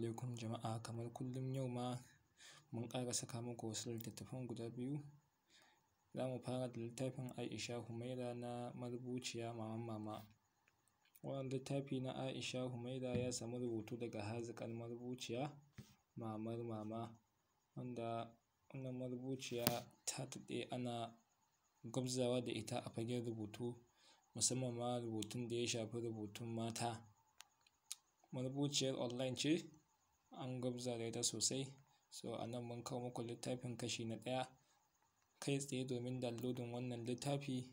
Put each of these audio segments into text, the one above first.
alaikum jama'a kamar kullum yau ma mun ƙara saka muku wasu littattafan guda biyu za mu fara da littafin Aisha Humaira na marubuciya Maman Mama wannan littafi na Aisha Humaira ya samu rubutu daga haziƙar marubuciya Mamar Mama wanda wannan marubuciya ta daɗe ana gwabzawa da ita a fagen rubutu musamman ma rubutun da ya shafi rubutun mata marubuciyar online ce an gabza da ita sosai. So a nan mun kawo muku littafin kashi na ɗaya kai tsaye domin downloading wannan littafi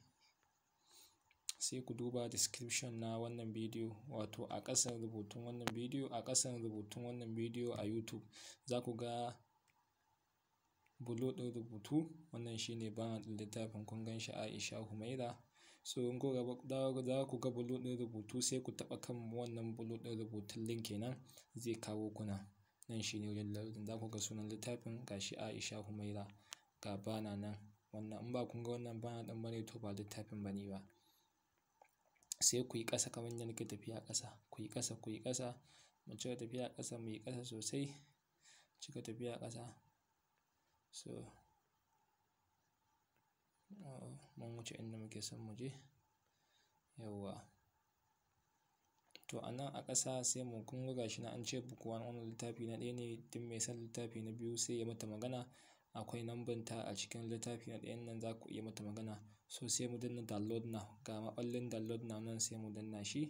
sai ku duba description na wannan bidiyo wato a ƙasan rubutun wannan bidiyo a ƙasan rubutun wannan bidiyo a YouTube za ku ga bulo ɗin rubutu wannan shine na ɗin littafin kun gan shi Aisha Humaira so in ko za ku ga bulo ɗin rubutu sai ku taɓa kan wannan bulo ɗin rubutun link kenan zai kawo kuna. Nan shi ne wajen lardin. Za ku ga sunan littafin gashi Aisha Humaira ga bana nan. Wannan in ba kun ga wannan bana ɗin ba ne to ba littafin ba ne ba. Sai ku yi ƙasa kamar yadda nake tafiya ƙasa. Ku yi ƙasa, ku yi ƙasa. Mu cika tafiya ƙasa, mu yi ƙasa sosai. Cika tafiya ƙasa. So, oh, mun wuce inda muke son mu je. yawwa To a nan a ƙasa sai mu kun ga shi na an ce buku wani wani littafi na ɗaya ne duk mai son littafi na biyu sai ya mata magana. Akwai namban ta a cikin littafi na ɗayan nan za ku iya mata magana. So sai mu danna download now ga maɓallin download now nan sai mu danna shi.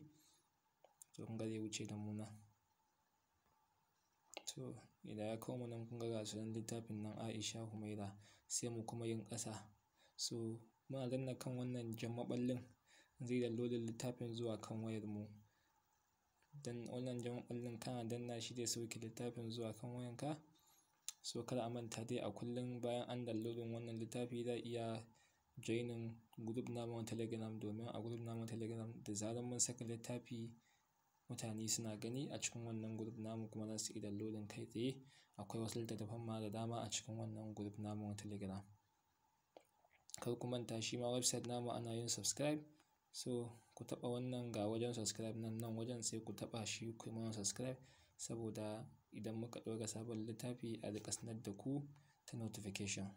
To kun ga zai wuce da mu nan. To idan ya kawo mu nan kun ga ga sunan littafin nan Aisha Humaira sai mu kuma yin ƙasa. So muna danna kan wannan jan maɓallin zai downloading littafin zuwa kan wayar mu. dan wannan jan makullin kana danna shi zai sauke littafin zuwa kan wayanka so kada a manta dai a kullum bayan an downloading wannan littafi za iya joining group na na telegram domin a group na na telegram da zarar mun saka littafi mutane suna gani a cikin wannan group namu kuma za su yi downloading kai tsaye akwai wasu littattafan ma da dama a cikin wannan group namu na telegram kar ku manta shi ma website namu ana yin subscribe So ku taɓa wannan ga wajen subscribe nan nan wajen sai ku taɓa shi ku yi mana subscribe saboda idan muka ɗora sabon littafi a riƙa sanar da ku ta notification.